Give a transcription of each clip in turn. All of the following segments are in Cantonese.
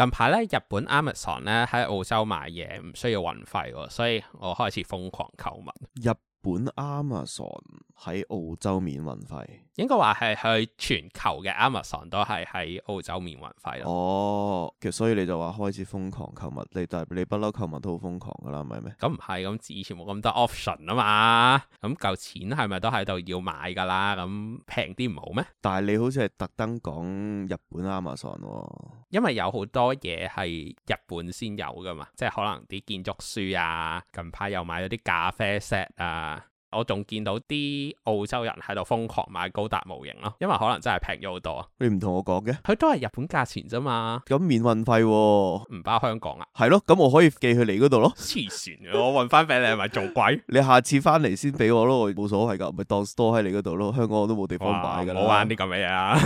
近排咧，日本 Amazon 咧，喺澳洲買嘢唔需要運費，所以我開始瘋狂購物。日本 Amazon。喺澳洲免運費，應該話係去全球嘅 Amazon 都係喺澳洲免運費咯。哦，其實所以你就話開始瘋狂購物，你但係你不嬲購物都好瘋狂噶啦，係咪？咁唔係，咁以前冇咁多 option 啊嘛，咁嚿錢係咪都喺度要買噶啦？咁平啲唔好咩？但係你好似係特登講日本 Amazon 喎，因為有好多嘢係日本先有噶嘛，即係可能啲建築書啊，近排又買咗啲咖啡 set 啊。我仲見到啲澳洲人喺度瘋狂買高達模型咯，因為可能真係平咗好多。你唔同我講嘅，佢都係日本價錢啫嘛。咁免運費唔包香港啊？係咯，咁我可以寄去你嗰度咯。黐線，我運翻俾你係咪 做鬼？你下次翻嚟先俾我咯，冇所謂噶，咪當 store 喺你嗰度咯。香港我都冇地方擺㗎啦。好玩啲咁嘅嘢啊！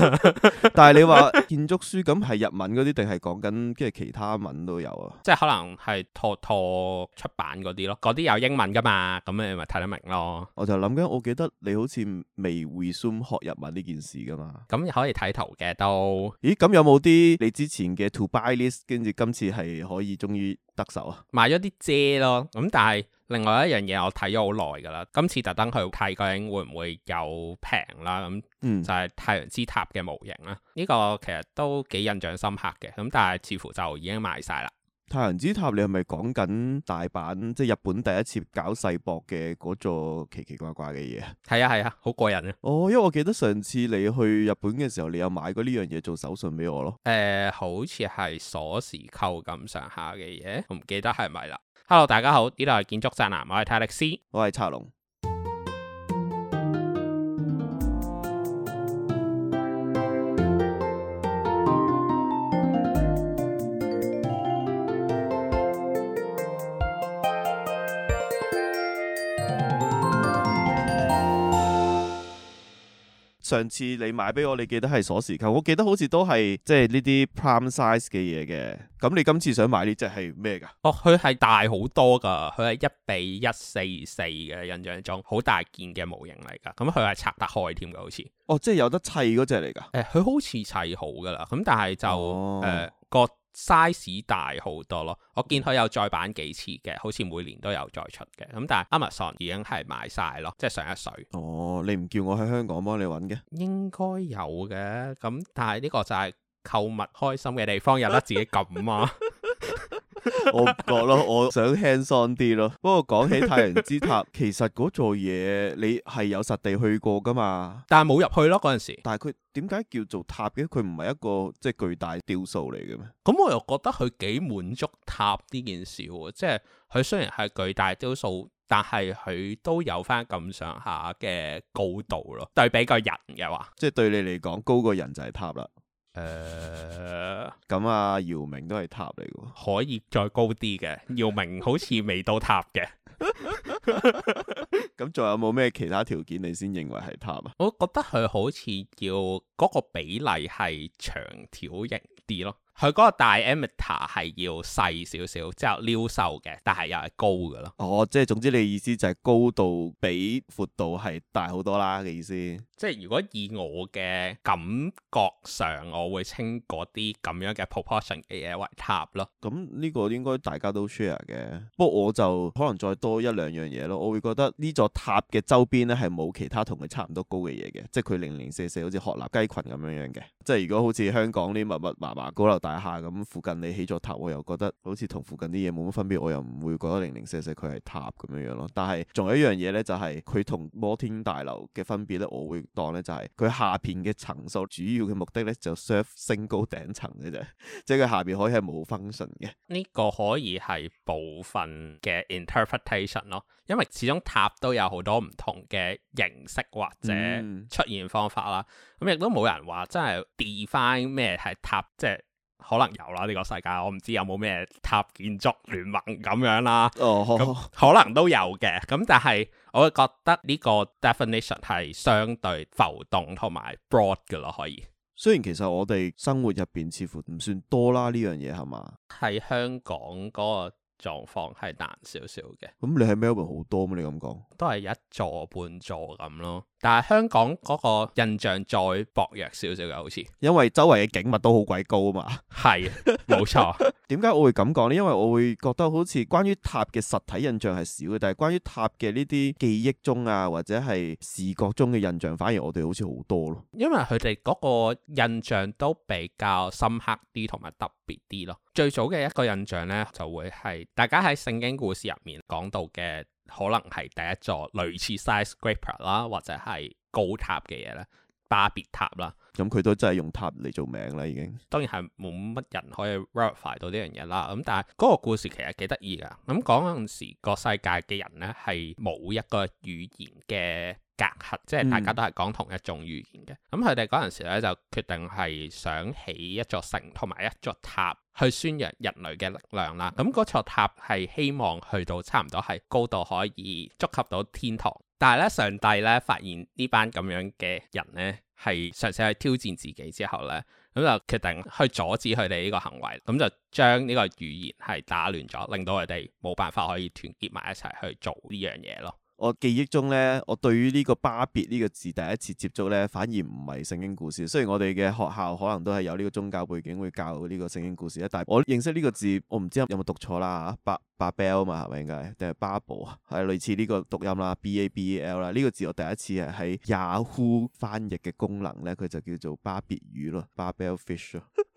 但係你話建築書咁係日文嗰啲定係講緊即係其他文都有啊？即係可能係托托出版嗰啲咯，嗰啲有英文噶嘛？咁你咪睇得明咯。我就諗緊，我記得你好似未會算學日文呢件事噶嘛？咁、嗯、可以睇圖嘅都。咦？咁有冇啲你之前嘅 to buy list，跟住今次係可以終於得手啊？買咗啲遮咯，咁、嗯、但係另外一樣嘢我睇咗好耐噶啦，今次特登去睇究竟會唔會有平啦？咁、嗯嗯、就係太陽之塔嘅模型啦，呢、呢個其實都幾印象深刻嘅，咁但係似乎就已經賣晒啦。太陽之塔，你係咪講緊大阪即係日本第一次搞世博嘅，嗰座奇奇怪怪嘅嘢啊？係啊係啊，好過癮啊！哦，因為我記得上次你去日本嘅時候，你有買過呢樣嘢做手信俾我咯。誒、呃，好似係鎖匙扣咁上下嘅嘢，我唔記得係咪啦。Hello，大家好，呢度係建築宅男，我係泰力斯，我係策龍。上次你買俾我，你記得係鎖匙扣，我記得好似都係即係呢啲 prime size 嘅嘢嘅。咁你今次想買呢隻係咩噶？哦，佢係大好多噶，佢係一比一四四嘅，印象中，好大件嘅模型嚟噶。咁佢係拆得開添嘅，好似。哦，即係有得砌嗰隻嚟噶？誒、欸，佢好似砌好噶啦。咁但係就誒、哦呃、個。size 大好多咯，我見佢有再版幾次嘅，好似每年都有再出嘅，咁但係 Amazon 已經係買晒咯，即係上一水。哦，你唔叫我喺香港幫你揾嘅？應該有嘅，咁但係呢個就係購物開心嘅地方， 有得自己撳嘛！ 我唔覺咯，我想輕鬆啲咯。不過講起太陽之塔， 其實嗰座嘢你係有實地去過噶嘛？但係冇入去咯嗰陣時。但係佢點解叫做塔嘅？佢唔係一個即係巨大雕塑嚟嘅咩？咁我又覺得佢幾滿足塔呢件事，啊，即係佢雖然係巨大雕塑，但係佢都有翻咁上下嘅高度咯。 對比個人嘅話，即係對你嚟講高過人就係塔啦。誒，咁、uh，啊，姚明都係塔嚟嘅，可以再高啲嘅。姚明好似未到塔嘅，咁仲有冇咩其他條件你先認為係塔啊？我覺得佢好似要嗰個比例係長條型啲咯。佢嗰個大 diameter 係要細少少，之後撩瘦嘅，但係又係高噶咯。哦，即係總之你意思就係高度比闊度係大好多啦嘅意思。即係如果以我嘅感覺上，我會稱嗰啲咁樣嘅 proportion 嘅嘢為塔咯。咁呢個應該大家都 share 嘅。不過我就可能再多一兩樣嘢咯。我會覺得呢座塔嘅周邊咧係冇其他同佢差唔多高嘅嘢嘅，即係佢零零四四好似鶴立雞群咁樣樣嘅。即係如果好似香港啲密密麻麻高樓大廈咁附近你起咗塔，我又覺得好似同附近啲嘢冇乜分別，我又唔會覺得零零四四佢係塔咁樣樣咯。但係仲有一樣嘢咧，就係佢同摩天大樓嘅分別咧，我會當咧就係佢下邊嘅層數主要嘅目的咧就 serve 升高頂層嘅啫，即係佢下邊可以係冇 function 嘅。呢個可以係部分嘅 interpretation 咯，因為始終塔都有好多唔同嘅形式或者出現方法啦。咁亦、嗯嗯嗯、都冇人話真係 define 咩係塔，即係。可能有啦，呢個世界我唔知有冇咩塔建築聯盟咁樣啦。哦，可能都有嘅。咁但係我會覺得呢個 definition 係相對浮動同埋 broad 嘅咯，可以。雖然其實我哋生活入邊似乎唔算多啦呢樣嘢係嘛？喺香港嗰個狀況係難少少嘅。咁你喺 Melbourne 好多咩？你咁講都係一座半座咁咯。但係香港嗰個印象再薄弱少少嘅，好似因為周圍嘅景物都好鬼高啊嘛。係， 冇錯。點解 我會咁講呢？因為我會覺得好似關於塔嘅實體印象係少嘅，但係關於塔嘅呢啲記憶中啊，或者係視覺中嘅印象，反而我哋好似好多咯。因為佢哋嗰個印象都比較深刻啲同埋特別啲咯。最早嘅一個印象呢，就會係大家喺聖經故事入面講到嘅。可能係第一座類似 skyscraper 啦，或者係高塔嘅嘢啦，巴別塔啦。咁佢都真係用塔嚟做名啦，已經。當然係冇乜人可以 verify 到呢樣嘢啦。咁但係嗰個故事其實幾得意㗎。咁講嗰陣時，個世界嘅人咧係冇一個語言嘅。隔核，即係大家都係講同一種語言嘅。咁佢哋嗰陣時咧就決定係想起一座城同埋一座塔去宣揚人類嘅力量啦。咁嗰座塔係希望去到差唔多係高度可以觸及到天堂。但係咧上帝咧發現呢班咁樣嘅人呢，係嘗試去挑戰自己之後呢，咁就決定去阻止佢哋呢個行為。咁就將呢個語言係打亂咗，令到佢哋冇辦法可以團結埋一齊去做呢樣嘢咯。我記憶中呢，我對於呢個巴別呢個字第一次接觸呢，反而唔係聖經故事。雖然我哋嘅學校可能都係有呢個宗教背景會教呢個聖經故事咧，但係我認識呢個字，我唔知有冇讀錯啦。巴巴別啊嘛，係咪應該？定係巴布啊？係類似呢個讀音啦，B A B e L 啦。呢個字我第一次係喺 Yahoo 翻譯嘅功能呢，佢就叫做巴別魚咯，Babel fish 咯。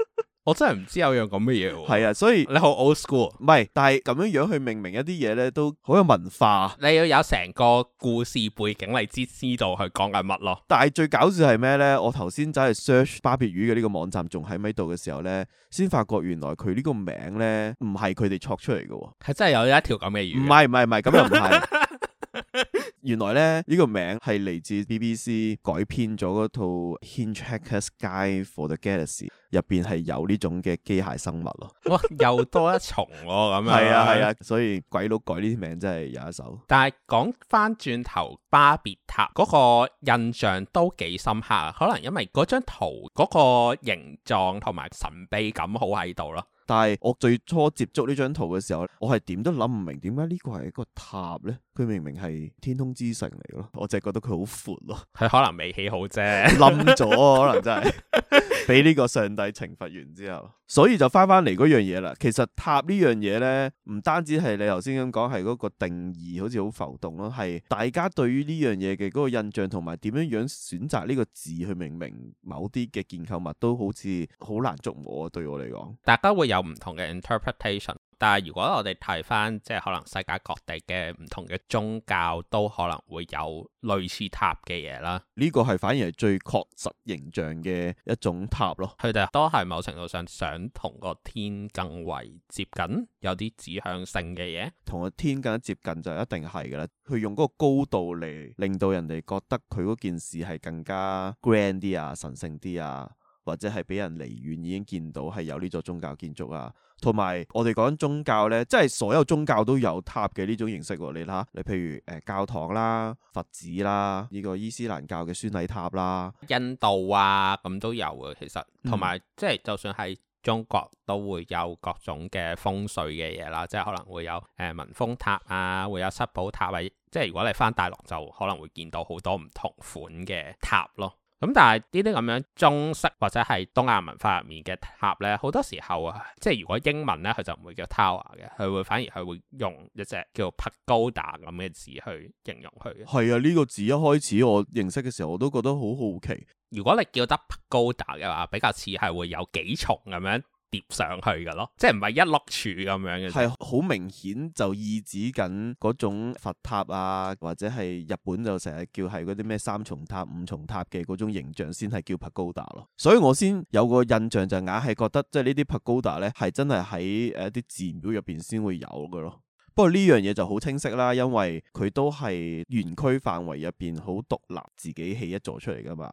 我真係唔知有樣咁嘅嘢喎，係啊，所以你好 old school，唔係，但係咁樣樣去命名一啲嘢咧，都好有文化。你要有成個故事背景你知知道佢講緊乜咯。但係最搞笑係咩咧？我頭先走去 search 巴別魚嘅呢個網站，仲喺咪度嘅時候咧，先發覺原來佢呢個名咧唔係佢哋作出嚟嘅，係真係有一條咁嘅魚，啊。唔係唔係唔係，咁又唔係。 原來咧呢、呢個名係嚟自 BBC 改編咗嗰套《Hitchhiker's Guide for the Galaxy》入邊係有呢種嘅機械生物咯， 哇又多一重喎，咁啊係 啊係啊，啊，所以鬼佬改呢啲名真係有一手。但係講翻轉頭巴別塔嗰、嗰個印象都幾深刻，可能因為嗰張圖嗰個形狀同埋神秘感好喺度啦。但係我最初接觸呢張圖嘅時候，我係點都諗唔明點解呢個係一個塔呢？佢明明係天空之城嚟嘅咯，我淨係覺得佢好闊咯。係可能未起好啫，冧 咗可能真係俾呢個上帝懲罰完之後，所以就翻翻嚟嗰樣嘢啦。其實塔呢樣嘢呢，唔單止係你頭先咁講係嗰個定義，好似好浮動咯，係大家對於呢樣嘢嘅嗰個印象同埋點樣樣選擇呢個字去命名某啲嘅建構物，都好似好難捉摸啊！對我嚟講，大家會有。有唔同嘅 interpretation，但係如果我哋睇翻，即係可能世界各地嘅唔同嘅宗教都可能會有類似塔嘅嘢啦。呢個係反而係最確實形象嘅一種塔咯。佢哋都係某程度上想同個天更為接近，有啲指向性嘅嘢。同個天更加接近就一定係嘅啦。佢用嗰個高度嚟令到人哋覺得佢嗰件事係更加 grand 啲啊，神聖啲啊。或者係俾人離遠已經見到係有呢座宗教建築啊，同埋我哋講宗教呢，即係所有宗教都有塔嘅呢種形式喎、啊。你睇下，你譬如誒、呃、教堂啦、佛寺啦，呢、這個伊斯蘭教嘅宣禮塔啦，印度啊，咁都有嘅。其實同埋、嗯、即係就算係中國都會有各種嘅風水嘅嘢啦，即係可能會有誒、呃、文風塔啊，會有七寶塔啊。即係如果你翻大陸就可能會見到好多唔同款嘅塔咯。咁但係呢啲咁樣中式或者係東亞文化入面嘅塔咧，好多時候啊，即係如果英文咧，佢就唔會叫 tower 嘅，佢會反而佢會用一隻叫做 pagoda 咁嘅字去形容佢。係啊，呢、呢個字一開始我認識嘅時候，我都覺得好好奇。如果你叫得 pagoda 嘅話，比較似係會有幾重咁樣。疊上去噶,咯，即係唔係一碌柱咁樣嘅，係好明顯就意指緊嗰種佛塔啊，或者係日本就成日叫係嗰啲咩三重塔、五重塔嘅嗰種形象先係叫 pagoda 咯。所以我先有個印象就硬係覺得即係呢啲 pagoda 咧，係真係喺誒一啲寺廟入邊先會有嘅咯。不過呢樣嘢就好清晰啦，因為佢都係園區範圍入邊好獨立自己起一座出嚟噶嘛。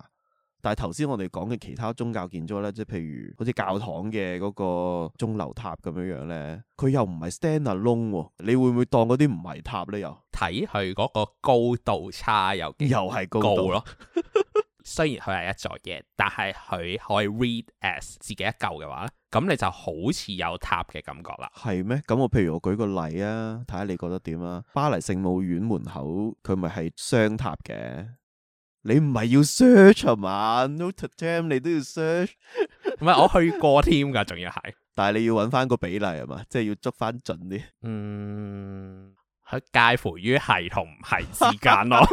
但係頭先我哋講嘅其他宗教建築咧，即係譬如好似教堂嘅嗰個鐘樓塔咁樣樣咧，佢又唔係 stand alone 你會唔會當嗰啲唔係塔咧？又睇佢嗰個高度差高，又又係高度咯。 雖然佢係一座嘅座嘢，但係佢可以 read as 自己一嚿嘅話咧，咁你就好似有塔嘅感覺啦。係咩？咁我譬如我舉個例啊，睇下你覺得點啊？巴黎聖母院門口佢咪係雙塔嘅？你唔係要 search 啊嘛 Notre Dame 你都要 search，唔係我去過添噶，仲要係。但係你要揾翻個比例啊嘛，即係要捉翻準啲。嗯，係介乎於係同唔係之間咯。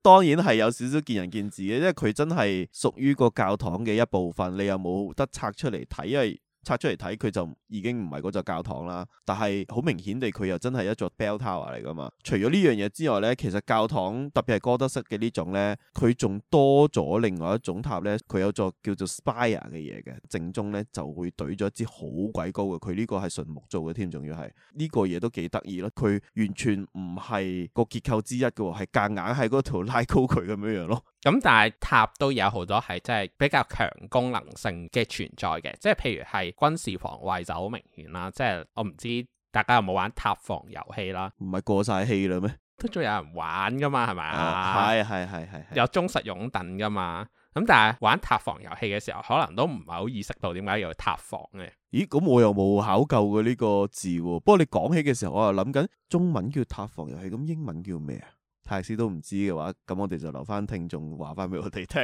當然係有少少見仁見智嘅，因為佢真係屬於個教堂嘅一部分，你有冇得拆出嚟睇？因為拆出嚟睇佢就已經唔係嗰座教堂啦，但係好明顯地佢又真係一座 bell tower 嚟㗎嘛。除咗呢樣嘢之外咧，其實教堂特別係哥德式嘅呢種咧，佢仲多咗另外一種塔咧，佢有座叫做 spire 嘅嘢嘅，正中咧就會懟咗一支好鬼高嘅，佢呢個係純木做嘅添，仲要係呢個嘢都幾得意咯。佢完全唔係個結構之一㗎喎，係夾硬喺嗰度拉高佢咁樣樣咯。咁但係塔都有好多係即係比較強功能性嘅存在嘅，即係譬如係軍事防衛就好明顯啦。即係我唔知大家有冇玩塔防遊戲啦？唔係過晒氣啦咩？都仲有人玩噶嘛？係咪？係係係係有忠實擁躉噶嘛？咁但係玩塔防遊戲嘅時候，可能都唔係好意識到點解要塔防嘅。咦？咁我又冇考究過呢個字。不過你講起嘅時候，我又諗緊中文叫塔防遊戲，咁英文叫咩啊？泰斯都唔知嘅話，咁我哋就留翻聽眾話翻俾我哋聽。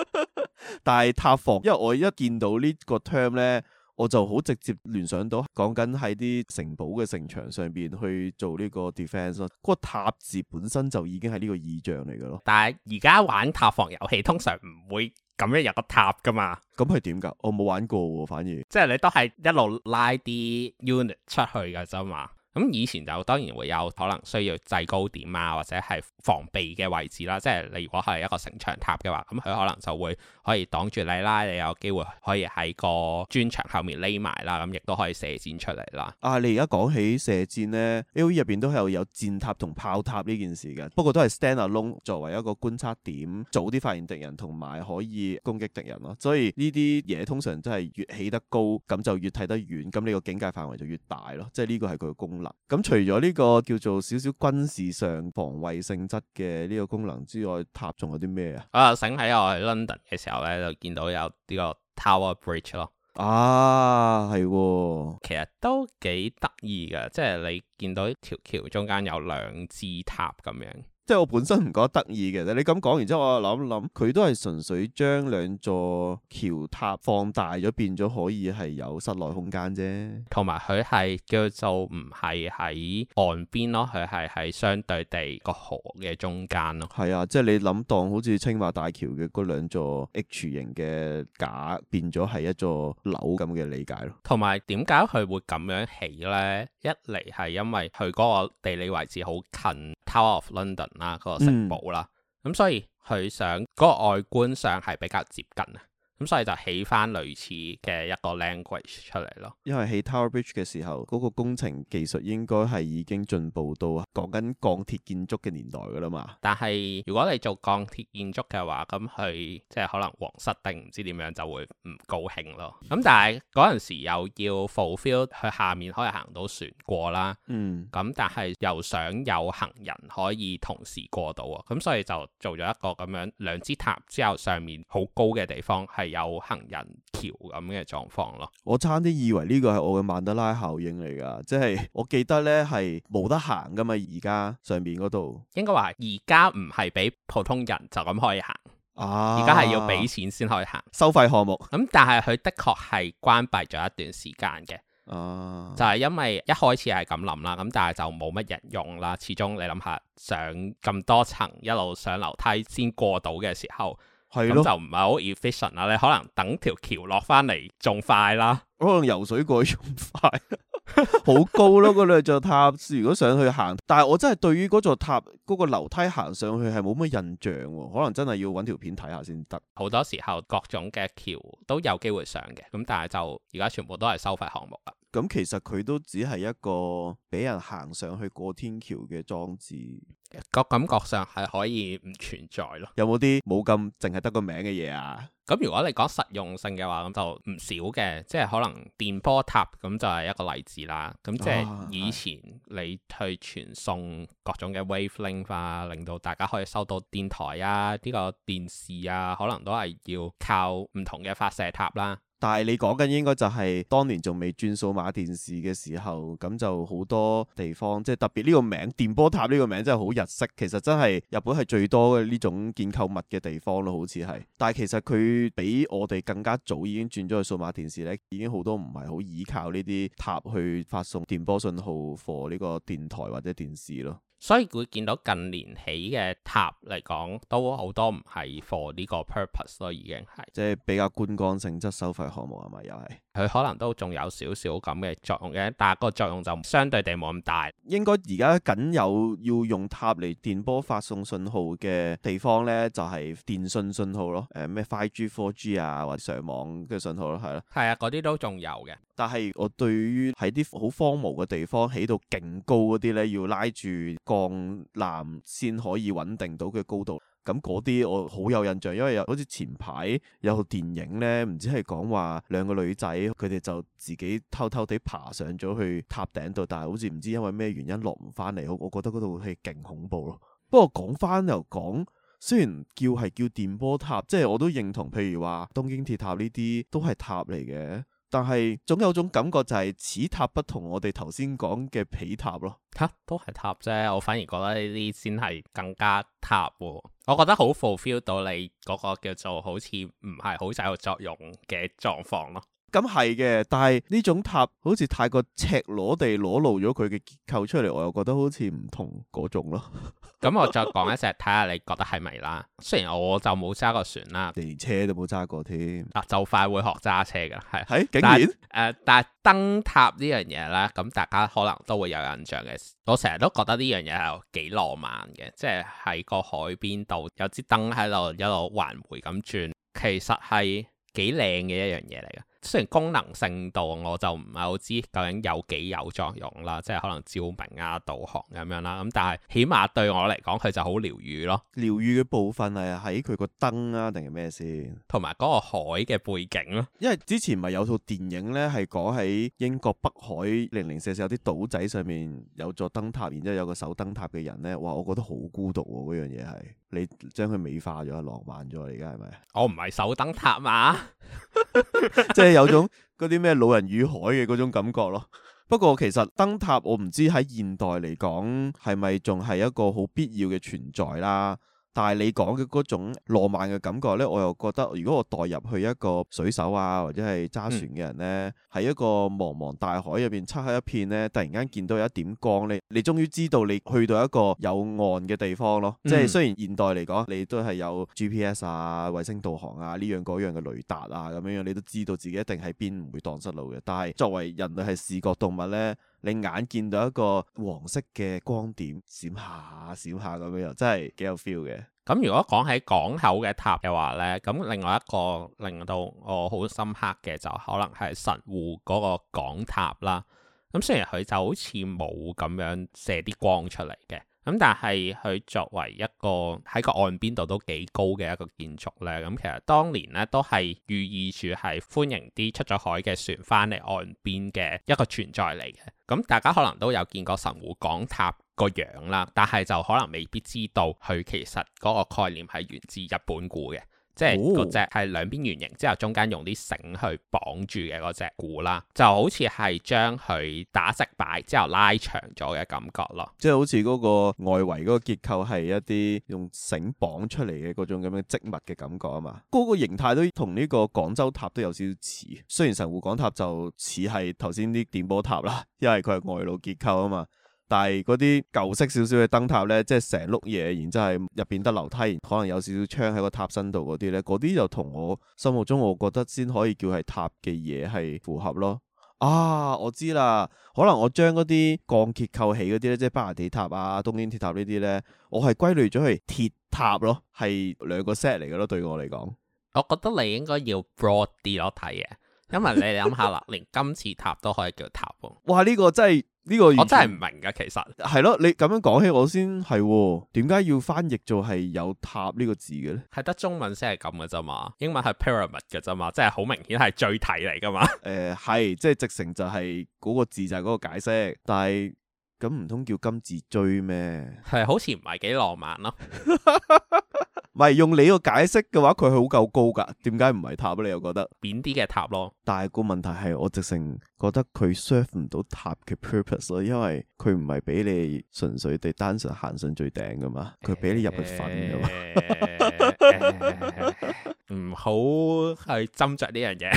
但係塔防，因為我一見到呢個 term 咧，我就好直接聯想到講緊喺啲城堡嘅城牆上邊去做呢個 defense 咯。嗰個塔字本身就已經係呢個意象嚟嘅咯。但係而家玩塔防遊戲通常唔會咁樣有個塔噶嘛。咁係點㗎？我冇玩過喎、啊，反而。即係你都係一路拉啲 unit 出去㗎啫嘛。咁以前就當然會有可能需要制高點啊，或者係防備嘅位置啦、啊。即係你如果係一個城牆塔嘅話，咁佢可能就會可以擋住你啦、啊。你有機會可以喺個磚牆後面匿埋啦，咁亦都可以射箭出嚟啦、啊。啊，你而家講起射箭咧，AOE 入邊都係有，有箭塔同炮塔呢件事嘅，不過都係 stand alone 作為一個觀察點，早啲發現敵人同埋可以攻擊敵人咯、啊。所以呢啲嘢通常都係越起得高，咁就越睇得遠，咁你個警戒範圍就越大咯。即係呢個係佢嘅功能。咁、嗯、除咗呢個叫做少少軍事上防衞性質嘅呢個功能之外，塔仲有啲咩啊？啊，醒喺我喺 London 嘅時候咧，就見到有呢個 Tower Bridge 咯。啊，係、哦，其實都幾得意嘅，即係你見到條橋中間有兩支塔咁樣。即係我本身唔覺得得意嘅，你咁講完之後，我又諗諗，佢都係純粹將兩座橋塔放大咗，變咗可以係有室內空間啫。同埋佢係嘅就唔係喺岸邊咯，佢係喺相對地個河嘅中間咯。係啊，即係你諗當好似青馬大橋嘅嗰兩座 H 型嘅架變咗係一座樓咁嘅理解咯。同埋點解佢會咁樣起呢？一嚟係因為佢嗰個地理位置好近。Tower of London 啦，嗰個城堡啦，咁、嗯、所以佢想嗰個外觀上係比較接近啊。咁所以就起翻類似嘅一個 language 出嚟咯。因為起 Tower Bridge 嘅時候，嗰個工程技術應該係已經進步到啊，講緊鋼鐵建築嘅年代㗎啦嘛。但係如果你做鋼鐵建築嘅話，咁佢即係可能皇室定唔知點樣就會唔高興咯。咁但係嗰陣時又要 fulfill 佢下面可以行到船過啦。嗯。咁但係又想有行人可以同時過到啊。咁所以就做咗一個咁樣兩支塔之後上面好高嘅地方係，有行人橋咁嘅狀況咯，我差啲以為呢個係我嘅曼德拉效應嚟㗎，即係我記得呢係冇得行噶嘛，而家上面嗰度應該話而家唔係俾普通人就咁可以行，而家係要俾錢先可以行，收費項目。咁、嗯、但係佢的確係關閉咗一段時間嘅，啊、就係因為一開始係咁諗啦，咁但係就冇乜人用啦。始終你諗下上咁多層，一路上樓梯先過到嘅時候。係咁 就唔係好 efficient 啦，你可能等條橋落翻嚟仲快啦，可能游水過去仲快， 好高咯嗰座塔，如果上去行，但係我真係對於嗰座塔嗰、嗰個樓梯行上去係冇乜印象，可能真係要揾條片睇下先得。好多時候各種嘅橋都有機會上嘅，咁但係就而家全部都係收費項目啦。咁其實佢都只係一個俾人行上去過天橋嘅裝置，個感覺上係可以唔存在咯。有冇啲冇咁淨係得個名嘅嘢啊？咁如果你講實用性嘅話，咁就唔少嘅，即係可能電波塔咁就係一個例子啦。咁即係以前你去傳送各種嘅 wave length 啊，令到大家可以收到電台啊，呢個電視啊，可能都係要靠唔同嘅發射塔啦。但係你講緊應該就係當年仲未轉數碼電視嘅時候，咁就好多地方，即係特別呢個名電波塔，呢個名真係好日式。其實真係日本係最多嘅呢種建構物嘅地方咯，好似係。但係其實佢比我哋更加早已經轉咗去數碼電視呢，已經好多唔係好依靠呢啲塔去發送電波信號，播呢個電台或者電視咯。所以會見到近年起嘅塔嚟講，都好多唔係 for 呢個 purpose 咯，已經係即係比較觀光性質收費項目係咪？又係佢可能都仲有少少咁嘅作用嘅，但係個作用就相對地冇咁大。應該而家僅有要用塔嚟電波發送信號嘅地方咧，就係電信信號咯。誒咩？5G、4G 啊，或者上網嘅信號咯，係咯。係啊，嗰啲都仲有嘅。但係我對於喺啲好荒蕪嘅地方起到勁高嗰啲咧，要拉住，降南先可以穩定到嘅高度，咁嗰啲我好有印象，因為有好似前排有部電影呢，唔知係講話兩個女仔佢哋就自己偷偷地爬上咗去塔頂度，但係好似唔知因為咩原因落唔翻嚟，我我覺得嗰套戲勁恐怖咯。不過講翻又講，雖然叫係叫，叫電波塔，即係我都認同，譬如話東京鐵塔呢啲都係塔嚟嘅。但係總有種感覺就係、是、此塔不同我哋頭先講嘅彼塔咯，塔都係塔啫，我反而覺得呢啲先係更加塔。我覺得好 fulfill 到你嗰個叫做好似唔係好有效作用嘅狀況咯。咁係嘅，但係呢種塔好似太過赤裸地裸露咗佢嘅結構出嚟，我又覺得好似唔同嗰種咯。咁我再講一隻，睇下， 你覺得係咪啦。雖然我就冇揸過船啦，連車都冇揸過添。嗱、啊，就快會學揸車噶，係係、欸、竟然，誒、呃？但係燈塔呢樣嘢咧，咁大家可能都會有印象嘅。我成日都覺得呢樣嘢係幾浪漫嘅，即係喺個海邊度有支燈喺度一路環回咁轉，其實係幾靚嘅一樣嘢嚟嘅。雖然功能性度我就唔係好知究竟有幾有作用啦，即係可能照明啊、導航咁樣啦，咁但係起碼對我嚟講，佢就好療愈咯。療愈嘅部分係喺佢個燈啊，定係咩先？同埋嗰個海嘅背景咯。因為之前咪有套電影呢，係講喺英國北海零零舍舍有啲島仔上面有座燈塔，然之後有個守燈塔嘅人呢。哇！我覺得好孤獨嗰樣嘢係，你將佢美化咗、浪漫咗，你而家係咪？我唔係守燈塔嘛， 有種嗰啲咩老人與海嘅嗰種感覺咯。 不過其實燈塔，我唔知喺現代嚟講係咪仲係一個好必要嘅存在啦。但係你講嘅嗰種浪漫嘅感覺呢，我又覺得如果我代入去一個水手啊，或者係揸船嘅人呢，喺、嗯、一個茫茫大海入邊漆黑一片呢，突然間見到有一點光，你你終於知道你去到一個有岸嘅地方咯。嗯、即係雖然現代嚟講，你都係有 GPS 啊、衛星導航啊呢樣嗰樣嘅雷達啊咁樣樣，你都知道自己一定喺邊，唔會蕩失路嘅。但係作為人類係視覺動物呢。你眼見到一個黃色嘅光點閃下閃下咁樣，又真係幾有 feel 嘅。咁如果講喺港口嘅塔嘅話呢，咁另外一個令到我好深刻嘅就可能係神戶嗰個港塔啦。咁雖然佢就好似冇咁樣射啲光出嚟嘅。咁但係佢作為一個喺個岸邊度都幾高嘅一個建築呢，咁其實當年呢都係寓意住係歡迎啲出咗海嘅船返嚟岸邊嘅一個存在嚟嘅。咁大家可能都有見過神戶港塔個樣啦，但係就可能未必知道佢其實嗰個概念係源自日本鼓嘅。即係嗰隻係兩邊圓形，之後中間用啲繩去綁住嘅嗰隻鼓啦，就好似係將佢打直擺之後拉長咗嘅感覺咯。即係好似嗰個外圍嗰個結構係一啲用繩綁出嚟嘅嗰種咁嘅織物嘅感覺啊嘛。嗰個形態都同呢個廣州塔都有少少似，雖然神戶港塔就似係頭先啲電波塔啦，因為佢係外露結構啊嘛。但係嗰啲舊式少少嘅燈塔咧，即係成碌嘢，然之後係入邊得樓梯，可能有少少窗喺個塔身度嗰啲咧，嗰啲就同我心目中我覺得先可以叫係塔嘅嘢係符合咯。啊，我知啦，可能我將嗰啲鋼結構起嗰啲咧，即係巴黎鐵塔啊、東京鐵塔呢啲咧，我係歸類咗係鐵塔咯，係兩個 set 嚟嘅咯，對我嚟講。我覺得你應該要 broad 啲咯，睇嘢。 因為你諗下啦，連金字塔都可以叫塔喎。哇！呢、這個真係呢、這個，我真係唔明噶。其實係咯，你咁樣講起我，我先係點解要翻譯做係有塔呢個字嘅咧？係得中文先係咁嘅啫嘛，英文係 pyramid 啫嘛，即係好明顯係錐體嚟噶嘛。誒、呃，係，即係直程就係嗰個字就係嗰個解釋，但係。咁唔通叫金字追咩？係，好似唔係幾浪漫咯。唔 係用你個解釋嘅話，佢好夠高噶。點解唔係塔？你又覺得扁啲嘅塔咯？但係個問題係，我直成覺得佢 serve 唔到塔嘅 purpose 咯，因為佢唔係俾你純粹地單純行上最頂噶嘛。佢俾你入去瞓噶嘛，唔好去斟酌呢樣嘢。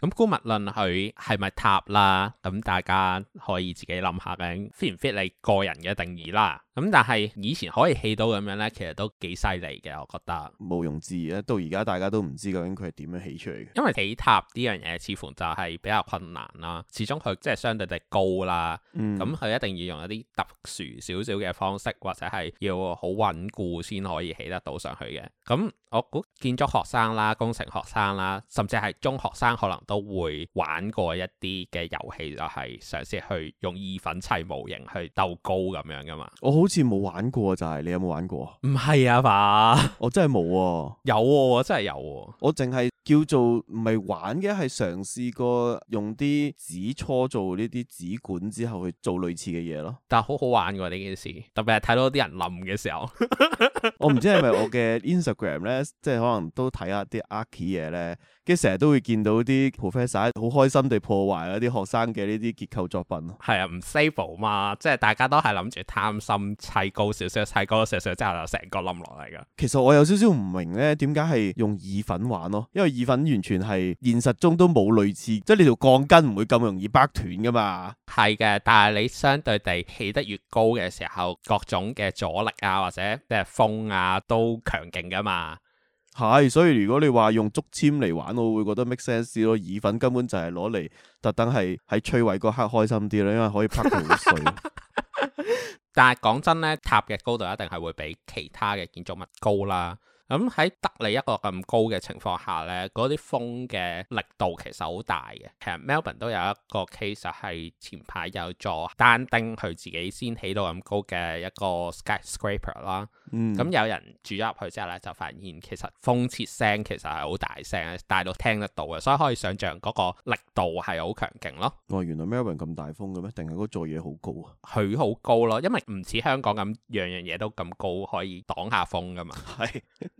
咁姑勿論佢係咪塔啦？咁大家。可以自己諗下嘅 fit 唔 fit 你個人嘅定義啦。咁但係以前可以起到咁樣呢，其實都幾犀利嘅，我覺得。毋庸置疑啦，到而家大家都唔知究竟佢係點樣起出嚟嘅。因為起塔呢樣嘢，似乎就係比較困難啦，始終佢即係相對地高啦，咁、嗯、佢一定要用一啲特殊少少嘅方式，或者係要好穩固先可以起得到上去嘅。咁、嗯、我估建築學生啦、工程學生啦，甚至係中學生可能都會玩過一啲嘅遊戲，就係嘗試去用意粉砌模型去鬥高咁樣噶嘛。我好。好似冇玩過就係，你有冇玩過？唔係啊爸、 啊，我真係冇啊，有我真係有。我淨係叫做唔係玩嘅，係嘗試過用啲紙搓做呢啲紙管之後去做類似嘅嘢咯。但係好好玩噶、啊、呢件事，特別係睇到啲人冧嘅時候。 我唔知係咪我嘅 Instagram 咧，即係可能都睇下啲 archi 嘢。咧。即成日都會見到啲 professor 好開心地破壞一啲學生嘅呢啲結構作品咯。係啊，唔 stable 嘛，即係大家都係諗住貪心砌高少少，砌高少少，之後就成個冧落嚟噶。其實我有少少唔明咧，點解係用意粉玩咯？因為意粉完全係現實中都冇類似，即係你條鋼筋唔會咁容易掰斷噶嘛。係嘅，但係你相對地起得越高嘅時候，各種嘅阻力啊，或者即係風啊，都強勁噶嘛。係，所以如果你話用竹籤嚟玩，我會覺得 make sense 咯。意粉根本就係攞嚟特登係喺摧毀嗰刻開心啲啦，因為可以拍到水。但係講真咧，塔嘅高度一定係會比其他嘅建築物高啦。咁喺得你一個咁高嘅情況下呢，嗰啲風嘅力度其實好大嘅。其實 Melbourne 都有一個 case 係前排有座單丁佢自己先起到咁高嘅一個 skyscraper 啦。咁、嗯、有人住咗入去之後呢，就發現其實風切聲其實係好大聲，大到聽得到嘅，所以可以想像嗰個力度係好強勁咯。哇、哦！原來 Melbourne 咁大風嘅咩？定係嗰座嘢好高啊？佢好高咯，因為唔似香港咁樣樣嘢都咁高可以擋下風噶嘛。係。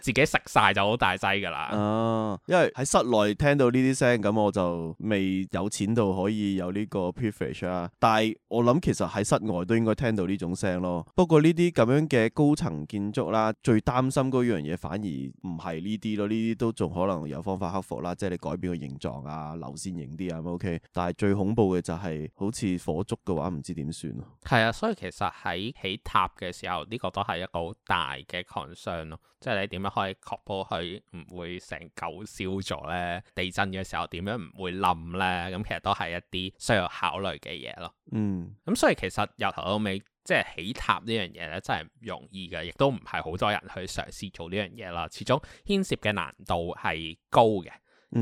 自己食晒就好大劑噶啦，哦、啊，因為喺室內聽到呢啲聲，咁我就未有錢到可以有呢個 privilege 啊。但係我諗其實喺室外都應該聽到呢種聲咯。不過呢啲咁樣嘅高層建築啦，最擔心嗰樣嘢反而唔係呢啲咯，呢啲都仲可能有方法克服啦，即係你改變個形狀啊，流線型啲啊，ok。但係最恐怖嘅就係、是、好似火燭嘅話，唔知點算咯。係啊，所以其實喺起塔嘅時候，呢、這個都係一個好大嘅 concern 咯，即係你。點樣可以確保佢唔會成嚿燒咗咧？地震嘅時候點樣唔會冧咧？咁其實都係一啲需要考慮嘅嘢咯。嗯，咁所以其實由頭到尾，即係起塔呢樣嘢咧，真係唔容易嘅，亦都唔係好多人去嘗試做呢樣嘢啦。始終牽涉嘅難度係高嘅，而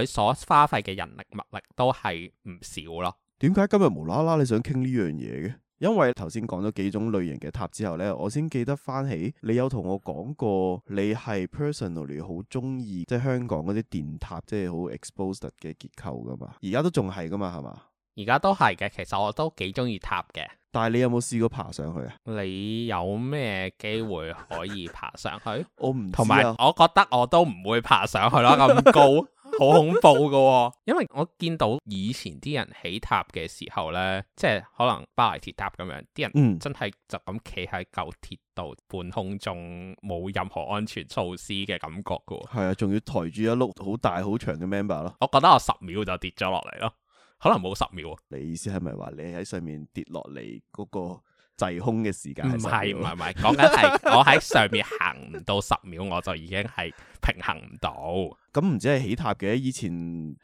佢所花費嘅人力物力都係唔少咯。點解、嗯、今日無啦啦你想傾呢樣嘢嘅？因為頭先講咗幾種類型嘅塔之後呢，我先記得翻起你有同我講過你係 personally 好中意即係香港嗰啲電塔，即係好 exposed 嘅結構噶嘛，而家都仲係噶嘛，係嘛？而家都係嘅，其實我都幾中意塔嘅。但係你有冇試過爬上去啊？你有咩機會可以爬上去？ 我唔同，同埋，我覺得我都唔會爬上去咯，咁高。 好 恐怖噶。哦，因為我見到以前啲人起塔嘅時候呢，即係可能巴黎鐵塔咁樣，啲人真係就咁企喺舊鐵度半空中，冇任何安全措施嘅感覺噶。係啊，嗯，仲要抬住一碌好大好長嘅 member 咯。我覺得我十秒就跌咗落嚟咯，可能冇十秒。你意思係咪話你喺上面跌落嚟嗰個滯空嘅時間？唔係唔係唔係，講緊係我喺上面行唔到十秒，我就已經係平衡唔到。 咁唔止係起塔嘅，以前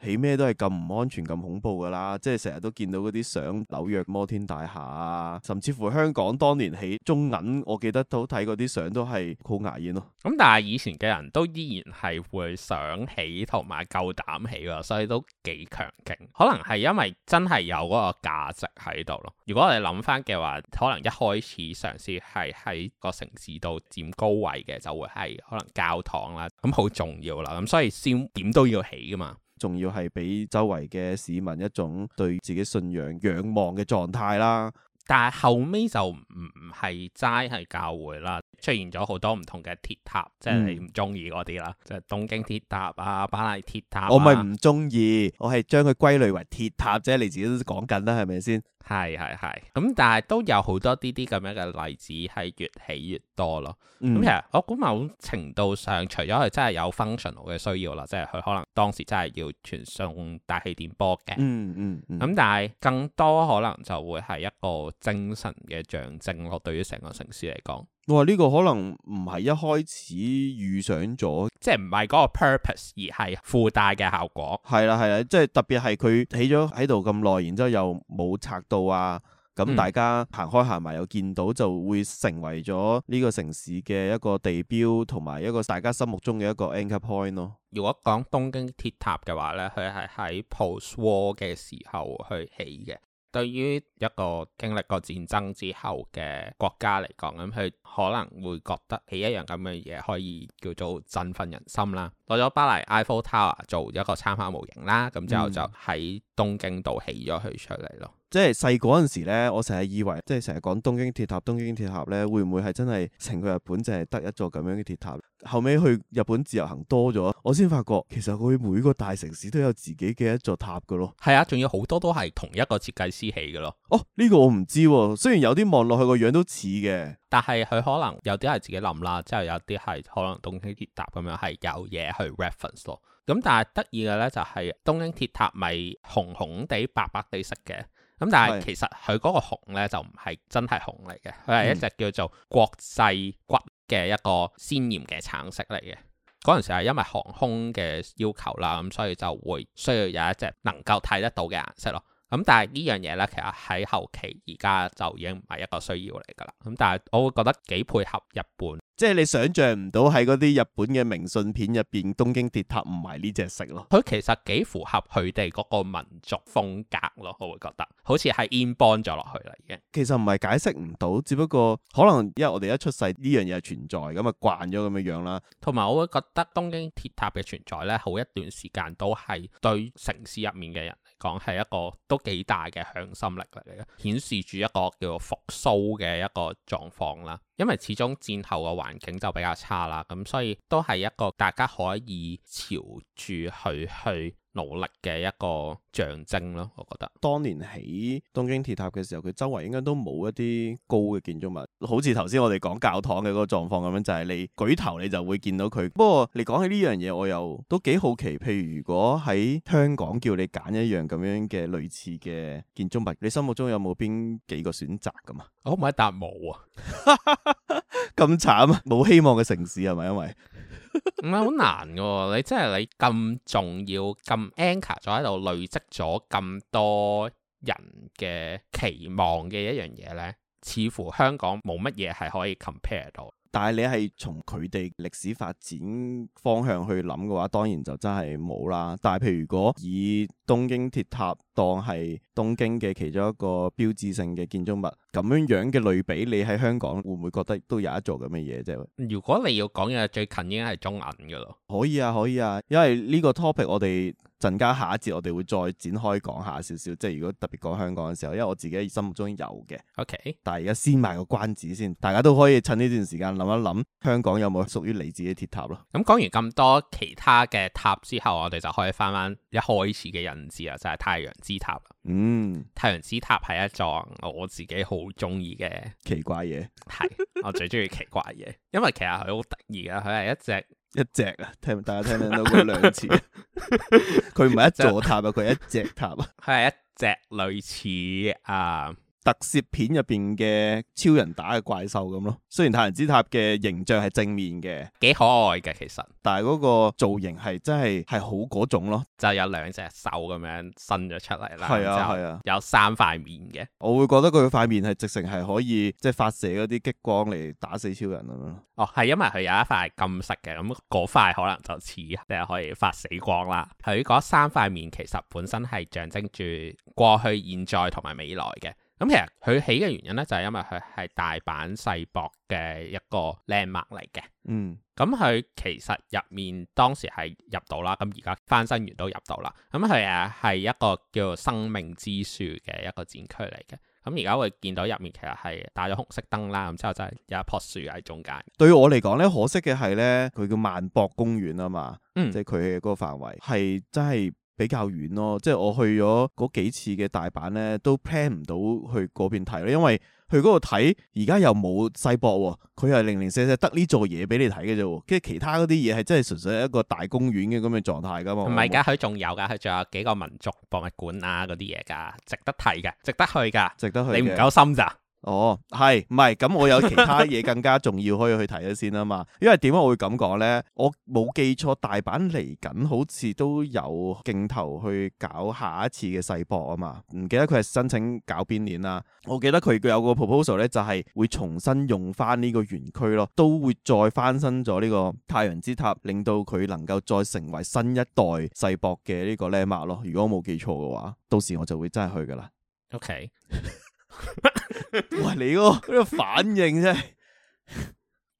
起咩都係咁唔安全、咁恐怖噶啦，即係成日都見到嗰啲相，紐約摩天大廈啊，甚至乎香港當年起中銀，我記得都睇嗰啲相都係好牙煙咯。咁、嗯、但係以前嘅人都依然係會想起同埋夠膽起喎，所以都幾強勁。可能係因為真係有嗰個價值喺度咯。如果我哋諗翻嘅話，可能一開始嘗試係喺個城市度佔高位嘅就會係可能教堂啦，咁好重要啦，咁所以。先點都要起㗎嘛，仲要係俾周圍嘅市民一種對自己信仰仰望嘅狀態啦。但係後尾就唔係齋係教會啦，出現咗好多唔同嘅鐵塔，即係你唔中意嗰啲啦，就、嗯、東京鐵塔啊、巴黎鐵塔啊。我咪唔中意，我係將佢歸類為鐵塔啫。你自己都講緊啦，係咪先？係係係。咁但係都有好多啲啲咁樣嘅例子係越起越多咯。咁、嗯、其實我估某程度上，除咗佢真係有 functional 嘅需要啦，即係佢可能當時真係要傳送大氣電波嘅、嗯。嗯嗯。咁但係更多可能就會係一個。精神嘅象徵咯，對於成個城市嚟講，哇,呢個可能唔係一開始預想咗，即係唔係嗰個 purpose 而係附帶嘅效果。係啦係啦，即係特別係佢起咗喺度咁耐，然之後又冇拆到啊，咁大家行開行埋又見到，就會成為咗呢個城市嘅一個地標同埋一個大家心目中嘅一個 anchor point 咯。如果講東京鐵塔嘅話呢，佢係喺 post war 嘅時候去起嘅。對於一個經歷過戰爭之後嘅國家嚟講，咁佢可能會覺得起一樣咁嘅嘢可以叫做振奮人心啦。攞咗巴黎 Eiffel Tower 做一個參考模型啦，咁之後就喺東京度起咗佢出嚟咯。嗯即係細個嗰時咧，我成日以為即係成日講東京鐵塔，東京鐵塔咧會唔會係真係成個日本淨係得一座咁樣嘅鐵塔？後尾去日本自由行多咗，我先發覺其實佢每個大城市都有自己嘅一座塔嘅咯。係啊，仲要好多都係同一個設計師起嘅咯。哦，呢個我唔知喎，雖然有啲望落去個樣都似嘅，但係佢可能有啲係自己諗啦，之後有啲係可能東京鐵塔咁樣係有嘢去 reference 咯。咁但係得意嘅咧就係東京鐵塔咪紅紅地、白白地色嘅。咁、嗯、但係其實佢嗰個紅咧就唔係真係紅嚟嘅，佢係一隻叫做國際橘嘅一個鮮豔嘅橙色嚟嘅。嗰陣時係因為航空嘅要求啦，咁、嗯、所以就會需要有一隻能夠睇得到嘅顏色咯。咁、嗯、但係呢樣嘢咧，其實喺後期而家就已經唔係一個需要嚟㗎啦。咁、嗯、但係我會覺得幾配合日本。即係你想象唔到喺嗰啲日本嘅明信片入邊，東京鐵塔唔係呢隻色咯。佢其實幾符合佢哋嗰個民族風格咯，我會覺得好似係 inborn 咗落去啦已經。其實唔係解釋唔到，只不過可能因為我哋一出世呢樣嘢存在，咁啊慣咗咁樣樣啦。同埋我會覺得東京鐵塔嘅存在咧，好一段時間都係對城市入面嘅人嚟講係一個都幾大嘅向心力嚟嘅，顯示住一個叫做復甦嘅一個狀況啦。因為始終戰後嘅環境就比較差啦，咁所以都係一個大家可以朝住去去努力嘅一個象徵咯，我覺得。當年喺東京鐵塔嘅時候，佢周圍應該都冇一啲高嘅建築物，好似頭先我哋講教堂嘅嗰個狀況咁樣，就係你舉頭你就會見到佢。不過你講起呢樣嘢，我又都幾好奇，譬如如果喺香港叫你揀一樣咁樣嘅類似嘅建築物，你心目中有冇邊幾個選擇咁啊？可唔可以搭冇啊？咁 慘啊！冇希望嘅城市係咪？因為唔係好難噶，你真係你咁重要、咁 anchor 咗喺度累積咗咁多人嘅期望嘅一樣嘢咧，似乎香港冇乜嘢係可以 compare 到。但係你係從佢哋歷史發展方向去諗嘅話，當然就真係冇啦。但係譬如如果以東京鐵塔，當係東京嘅其中一個標誌性嘅建築物，咁樣樣嘅類比，你喺香港會唔會覺得都有一座咁嘅嘢啫？如果你要講嘅，最近已經係中銀噶咯。可以啊，可以啊，因為呢個 topic 我哋陣間下一節我哋會再展開講下少少。即係如果特別講香港嘅時候，因為我自己心目中有嘅，OK。但係而家先賣個關子先，大家都可以趁呢段時間諗一諗香港有冇屬於你自己鐵塔咯。咁講完咁多其他嘅塔之後，我哋就可以翻翻一開始嘅引子啦，就係太陽塔。嗯，太陽之塔係一座我自己好中意嘅奇怪嘢，係我最中意奇怪嘢， 因為其實佢好得意㗎，佢係一隻一隻啊，聽大家聽唔聽到佢兩次，佢唔係一座塔啊，佢係的一隻塔啊，佢係一隻類似啊。Uh, 特攝片入邊嘅超人打嘅怪獸咁咯，雖然太陽之塔嘅形象係正面嘅，幾可愛嘅其實，但係嗰個造型係真係係好嗰種咯，就有兩隻手咁樣伸咗出嚟啦，係啊係啊，有三塊面嘅，我會覺得佢塊面係直成係可以即係、就是、發射嗰啲激光嚟打死超人啊，哦係因為佢有一塊係暗色嘅，咁嗰塊可能就似即係可以發死光啦，佢嗰三塊面其實本身係象徵住過去、現在同埋未來嘅。咁其實佢起嘅原因咧，就係因為佢係大阪世博嘅一個 landmark 嚟嘅。嗯，咁佢其實入面當時係入到啦，咁而家翻新完都入到啦。咁佢誒係一個叫做生命之樹嘅一個展區嚟嘅。咁而家會見到入面其實係打咗紅色燈啦，咁之後就係有一樖樹喺中間。對於我嚟講咧，可惜嘅係咧，佢叫萬博公園啊嘛。嗯，即係佢嘅嗰個範圍係真係。比較遠咯、哦，即係我去咗嗰幾次嘅大阪咧，都 plan 唔到去嗰邊睇咯，因為去嗰度睇而家又冇世博喎、哦，佢係零零舍舍得呢座嘢俾你睇嘅啫，跟住其他嗰啲嘢係真係純粹係一個大公園嘅咁嘅狀態噶嘛。唔係，而家佢仲有㗎，佢仲有幾個民族博物館啊嗰啲嘢㗎，值得睇㗎，值得去㗎，值得去，你唔夠心咋？哦，係唔係咁？我有其他嘢更加重要，可以去睇咗先啊嘛。因為點解我會咁講呢？我冇記錯，大阪嚟緊好似都有鏡頭去搞下一次嘅世博啊嘛。唔記得佢係申請搞邊年啦。我記得佢佢有個 proposal 呢，就係會重新用翻呢個園區咯，都會再翻新咗呢個太陽之塔，令到佢能夠再成為新一代世博嘅呢個靚物咯。如果我冇記錯嘅話，到時我就會真係去噶啦。OK。 哇！你、這個這個反應真係，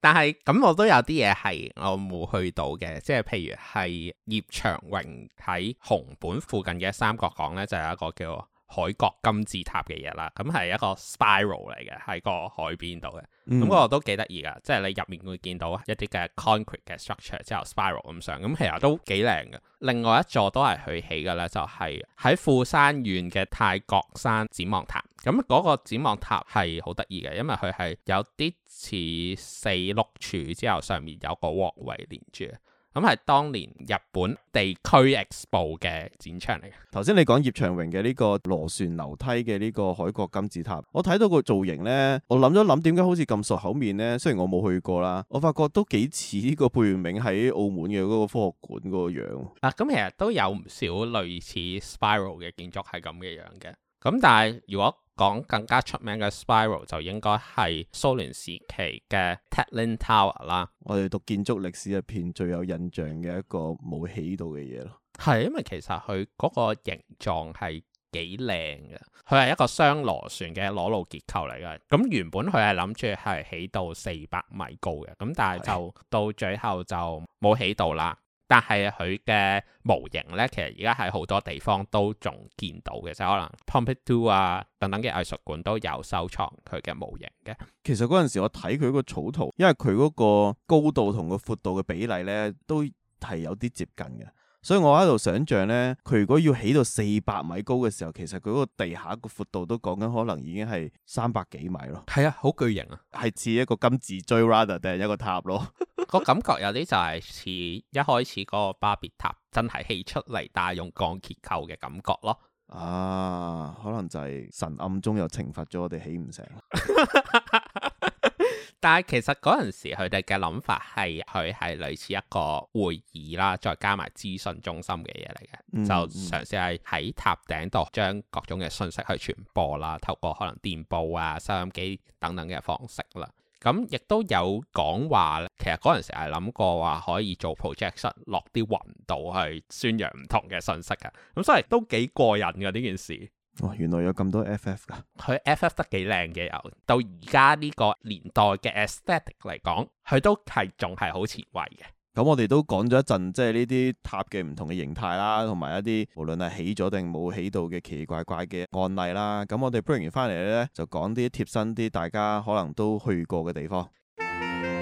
但係咁我都有啲嘢係我冇去到嘅，即係譬如係葉長榮喺熊本附近嘅三角港咧，就有一個叫。海角金字塔嘅嘢啦，咁係一個 spiral 嚟嘅，喺個海邊度嘅，咁、嗯、個都幾得意噶，即係你入面會見到一啲嘅 concrete 嘅 structure 之後 spiral 咁上，咁、那個、其實都幾靚嘅。另外一座都係佢起嘅咧，就係喺富山縣嘅泰國山展望塔，咁、那、嗰個展望塔係好得意嘅，因為佢係有啲似四碌柱之後上面有個鑊圍連住。咁係當年日本地區 Expo 嘅展場嚟嘅。頭先你講葉長榮嘅呢個螺旋樓梯嘅呢個海角金字塔，我睇到個造型咧，我諗咗諗，點解好似咁熟口面咧？雖然我冇去過啦，我發覺都幾似呢個貝聿銘喺澳門嘅嗰個科學館嗰個樣。啊，咁其實都有唔少類似 spiral 嘅建築係咁嘅樣嘅。咁但係如果，講更加出名嘅 spiral 就應該係蘇聯時期嘅 Tatlin Tower 啦。我哋讀建築歷史入邊最有印象嘅一個冇起到嘅嘢咯。係因為其實佢嗰個形狀係幾靚嘅，佢係一個雙螺旋嘅裸露結構嚟嘅。咁原本佢係諗住係起到四百米高嘅，咁但係就到最後就冇起到啦。是但係佢嘅模型咧，其實而家喺好多地方都仲見到嘅，即可能 Pompidou 啊等等嘅藝術館都有收藏佢嘅模型嘅。其實嗰陣時我睇佢個草圖，因為佢嗰個高度同個闊度嘅比例咧，都係有啲接近嘅。所以我喺度想象呢，佢如果要起到四百米高嘅時候，其實佢嗰個地下個闊度都講緊可能已經係三百幾米咯。係啊，好巨型啊！係似一個金字塔，定係一個塔咯？ 個感覺有啲就係似一開始嗰個巴別塔，真係起出嚟但係用鋼結構嘅感覺咯。啊，可能就係神暗中又懲罰咗我哋起唔成。 但係其實嗰陣時佢哋嘅諗法係佢係類似一個會議啦，再加埋資訊中心嘅嘢嚟嘅，嗯、就嘗試喺喺塔頂度將各種嘅信息去傳播啦，透過可能電報啊、收音機等等嘅方式啦。咁亦都有講話咧，其實嗰陣時係諗過話可以做 projection 落啲雲度去宣揚唔同嘅信息嘅。咁所以都幾過癮嘅呢件事。哦、原來有咁多 FF 噶，佢 FF 得幾靚嘅又，到而家呢個年代嘅 aesthetic 嚟講，佢都係仲係好前衞嘅。咁我哋都講咗一陣，即係呢啲塔嘅唔同嘅形態啦，同埋一啲無論係起咗定冇起到嘅奇奇怪怪嘅案例啦。咁我哋 bring 完翻嚟咧，就講啲貼身啲，大家可能都去過嘅地方。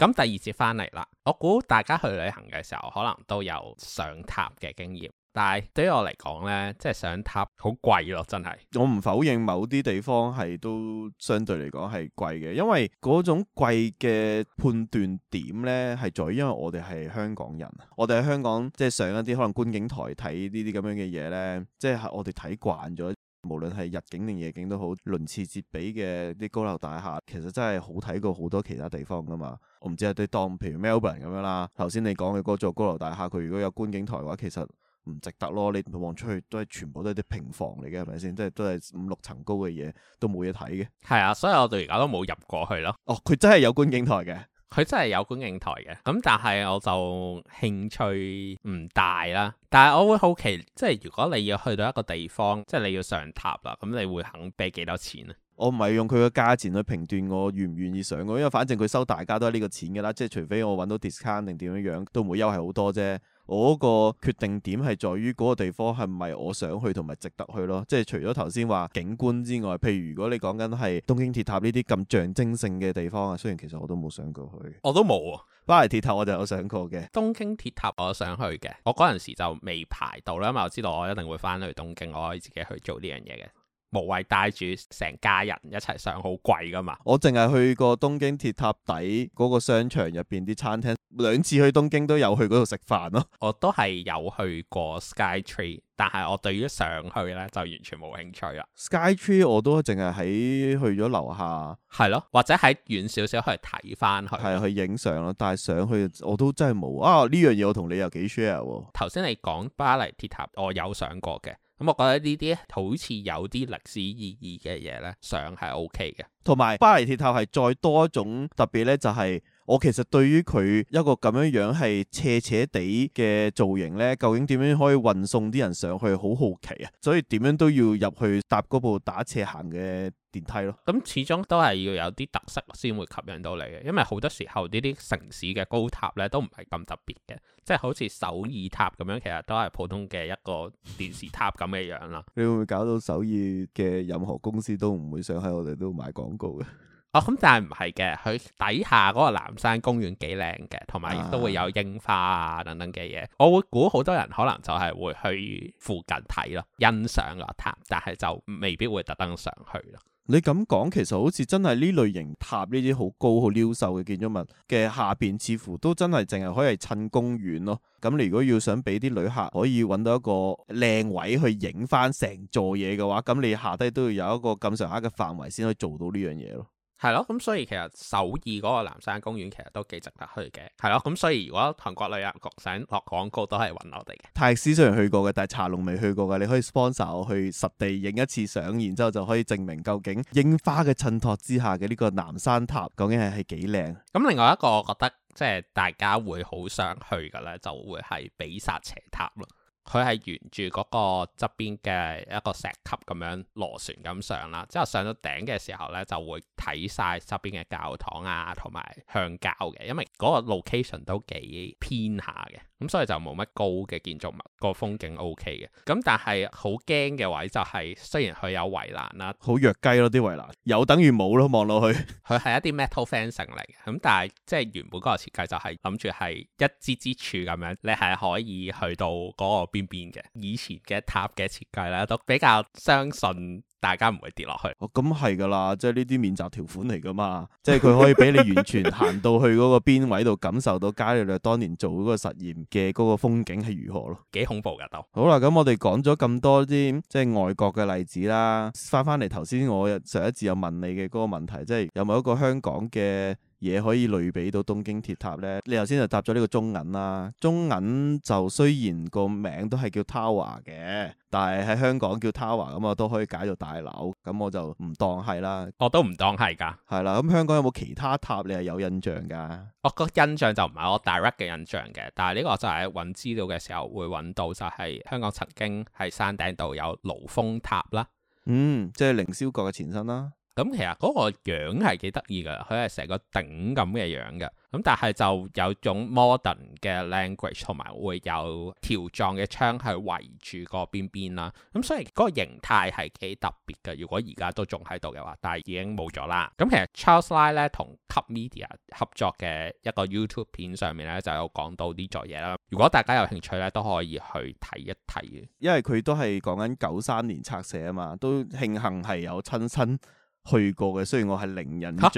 咁第二節翻嚟啦，我估大家去旅行嘅時候可能都有上塔嘅經驗，但係對於我嚟講呢，即係上塔好貴咯，真係。我唔否認某啲地方係都相對嚟講係貴嘅，因為嗰種貴嘅判斷點呢係在於因為我哋係香港人，我哋喺香港即係、就是、上一啲可能觀景台睇呢啲咁樣嘅嘢呢，即、就、係、是、我哋睇慣咗。無論係日景定夜景都好，鱗次櫛比嘅啲高樓大廈，其實真係好睇過好多其他地方噶嘛。我唔知啊，你當譬如 Melbourne 咁樣啦，頭先你講嘅嗰座高樓大廈，佢如果有觀景台嘅話，其實唔值得咯。你望出去都係全部都係啲平房嚟嘅，係咪先？即係都係五六層高嘅嘢，都冇嘢睇嘅。係啊，所以我哋而家都冇入過去咯。哦，佢真係有觀景台嘅。佢真係有觀景台嘅，咁但係我就興趣唔大啦。但係我會好奇，即係如果你要去到一個地方，即係你要上塔啦，咁你會肯俾幾多錢啊？我唔係用佢個價錢去評斷我願唔願意上，我因為反正佢收大家都係呢個錢㗎啦，即係除非我揾到 discount 定點樣樣，都唔會優惠好多啫。我嗰個決定點係在於嗰個地方係咪我想去同埋值得去咯，即係除咗頭先話景觀之外，譬如如果你講緊係東京鐵塔呢啲咁象徵性嘅地方啊，雖然其實我都冇想過去，我都冇啊。巴黎鐵塔我就有想過嘅，東京鐵塔我想去嘅。我嗰陣時就未排到啦，因為我知道我一定會翻去東京，我可以自己去做呢樣嘢嘅。無謂帶住成家人一齊上，好貴噶嘛！我淨係去過東京鐵塔底嗰個商場入邊啲餐廳，兩次去東京都有去嗰度食飯咯。我都係有去過 Sky Tree，但係我對於上去咧就完全冇興趣啦。Sky Tree 我都淨係喺去咗樓下，係咯，或者喺遠少少去睇翻去，係去影相咯。但係上去我都真係冇啊！呢樣嘢我同你又幾 share。頭先你講巴黎鐵塔，我有上過嘅。咁我覺得呢啲好似有啲歷史意義嘅嘢咧，上係 OK 嘅，同埋巴黎鐵塔係再多一種特別咧，就係、是。我其實對於佢一個咁樣樣係斜斜地嘅造型呢，究竟點樣可以運送啲人上去，好好奇啊！所以點樣都要入去搭嗰部打斜行嘅電梯咯。咁始終都係要有啲特色先會吸引到你嘅，因為好多時候呢啲城市嘅高塔呢都唔係咁特別嘅，即係好似首爾塔咁樣，其實都係普通嘅一個電視塔咁嘅樣啦。 你會唔會搞到首爾嘅任何公司都唔會想喺我哋度買廣告嘅？哦，咁但係唔係嘅，佢底下嗰個南山公園幾靚嘅，同埋亦都會有櫻花啊等等嘅嘢。啊、我會估好多人可能就係會去附近睇咯，欣賞個塔，但係就未必會特登上去咯。你咁講，其實好似真係呢類型塔呢啲好高好溜秀嘅建築物嘅下邊，似乎都真係淨係可以趁公園咯。咁你如果要想俾啲旅客可以揾到一個靚位去影翻成座嘢嘅話，咁你下低都要有一個咁上下嘅範圍先可以做到呢樣嘢咯。係咯，咁所以其實首爾嗰個南山公園其實都幾值得去嘅。係咯，咁所以如果韓國旅遊局想落廣告都係揾我哋嘅。泰斯雖然去過嘅，但茶龍未去過嘅，你可以 sponsor 我去實地影一次相，然之後就可以證明究竟櫻花嘅襯托之下嘅呢個南山塔究竟係係幾靚。咁另外一個我覺得即係大家會好想去嘅咧，就會係比薩斜塔啦。佢係沿住嗰個側邊嘅一個石級咁樣螺旋咁上啦，之後上到頂嘅時候呢，就會睇晒側邊嘅教堂啊，同埋鄉郊嘅，因為嗰個 location 都幾偏下嘅，咁、嗯、所以就冇乜高嘅建築物，個風景 O K 嘅。咁、嗯、但係好驚嘅位就係、是、雖然佢有圍欄啦，好弱雞咯啲圍欄，有等於冇咯，望落去，佢 係一啲 metal fencing 嚟嘅，咁、嗯、但係即係原本嗰個設計就係諗住係一支支柱咁樣，你係可以去到嗰、那個。邊邊嘅以前嘅塔嘅設計咧，都比較相信大家唔會跌落去。哦，咁係噶啦，即係呢啲免責條款嚟噶嘛， 即係佢可以俾你完全行到去嗰個邊位度，感受到伽利略當年做嗰個實驗嘅嗰個風景係如何咯，幾恐怖噶都。好啦，咁、嗯、我哋講咗咁多啲即係外國嘅例子啦，翻翻嚟頭先我上一次有問你嘅嗰個問題，即係有冇一個香港嘅？嘢可以類比到東京鐵塔呢。你頭先就搭咗呢個中銀啦。中銀就雖然個名都係叫 tower 嘅，但係喺香港叫 tower 咁啊，都可以解做大樓，咁我就唔當係啦。我都唔當係㗎，係啦。咁香港有冇其他塔你係有印象㗎？我個印象就唔係我 direct 嘅印象嘅，但係呢個就係揾資料嘅時候會揾到，就係香港曾經喺山頂度有爐峰塔啦。嗯，即係凌霄閣嘅前身啦。咁其實嗰個樣係幾得意噶，佢係成個頂咁嘅樣嘅，咁但係就有種 modern 嘅 language，同埋會有條狀嘅窗係圍住個邊邊啦。咁所以嗰個形態係幾特別嘅。如果而家都仲喺度嘅話，但係已經冇咗啦。咁其實 Charles Lie 咧同 Cut Media 合作嘅一個 YouTube 片上面咧就有講到呢座嘢啦。如果大家有興趣咧，都可以去睇一睇嘅，因為佢都係講緊九三年拆卸啊嘛，都慶幸係有親身去過嘅，雖然我係零印象，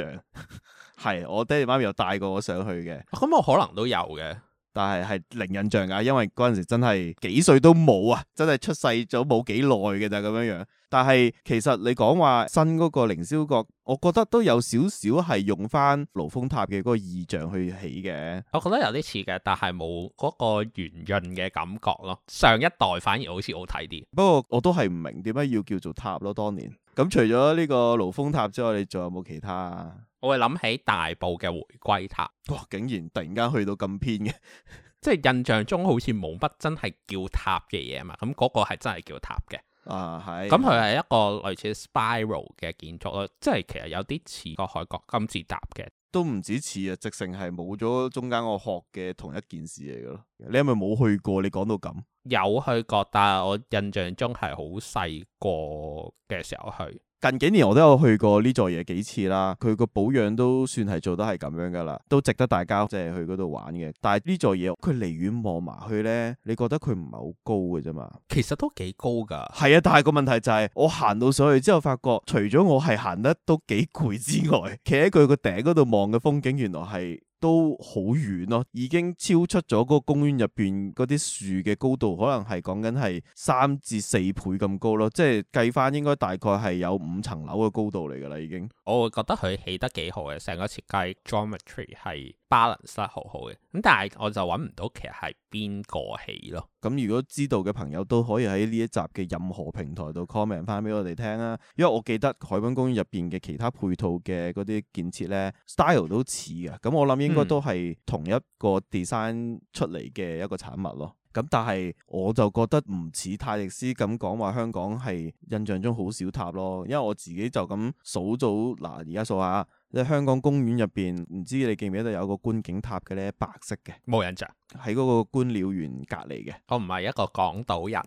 係、啊、 我爹哋媽咪有帶過我上去嘅。咁、啊、我可能都有嘅，但係係零印象噶，因為嗰陣時真係幾歲都冇啊，真係出世咗冇幾耐嘅咋。咁樣樣。但係其實你講話新嗰個凌霄閣，我覺得都有少少係用翻盧峰塔嘅嗰個意象去起嘅。我覺得有啲似嘅，但係冇嗰個圓潤嘅感覺咯。上一代反而好似好睇啲，不過我都係唔明點解要叫做塔咯，當年。咁、嗯、除咗呢個盧峰塔之外，你仲有冇其他？我會諗起大埔嘅回歸塔。哇！竟然突然間去到咁偏嘅， 即係印象中好似冇乜真係叫塔嘅嘢嘛。咁嗰個係真係叫塔嘅。啊，係。咁佢係一個類似 spiral 嘅建築咯，即係其實有啲似個海角金字塔嘅。都唔止似啊，直成係冇咗中間，我學嘅同一件事嚟嘅咯。你係咪冇去過？你講到咁有去過，但係我印象中係好細個嘅時候去。近幾年我都有去過呢座嘢幾次啦，佢個保養都算係做得係咁樣噶啦，都值得大家即係去嗰度玩嘅。但係呢座嘢，佢離遠望埋去咧，你覺得佢唔係好高嘅啫嘛？其實都幾高㗎。係啊，但係個問題就係我行到上去之後，發覺除咗我係行得都幾攰之外，企喺佢個頂嗰度望嘅風景，原來係。都好遠咯，已經超出咗嗰個公園入邊嗰啲樹嘅高度，可能係講緊係三至四倍咁高咯，即係計翻應該大概係有五層樓嘅高度嚟㗎啦，已經。我會覺得佢起得幾好嘅，成個設計 geometry 係。balance 得好好嘅，咁但係我就揾唔到其實係邊個起咯。咁如果知道嘅朋友都可以喺呢一集嘅任何平台度 comment 翻俾我哋聽啊。因為我記得海濱公園入邊嘅其他配套嘅嗰啲建設咧，style 都似㗎。咁我諗應該都係同一個 design 出嚟嘅一個產物咯。嗯。咁但係我就覺得唔似泰迪斯咁講，話香港係印象中好少塔咯，因為我自己就咁數咗嗱，而家數下，即係香港公園入邊，唔知你記唔記得有個觀景塔嘅咧，白色嘅，冇印象，喺嗰個觀鳥園隔離嘅，我唔係一個港島人。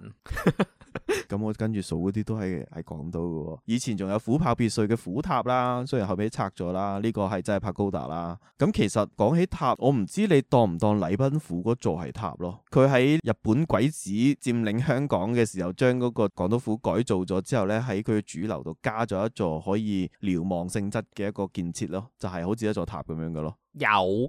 咁我跟住數嗰啲都係喺港島嘅喎，以前仲有虎豹別墅嘅虎塔啦，雖然後尾拆咗啦，呢、這個係真係拍高達啦。咁其實講起塔，我唔知你當唔當禮賓府嗰座係塔咯？佢喺日本鬼子佔領香港嘅時候，將嗰個港督府改造咗之後呢喺佢主樓度加咗一座可以瞭望性質嘅一個建設咯，就係好似一座塔咁樣嘅咯 。有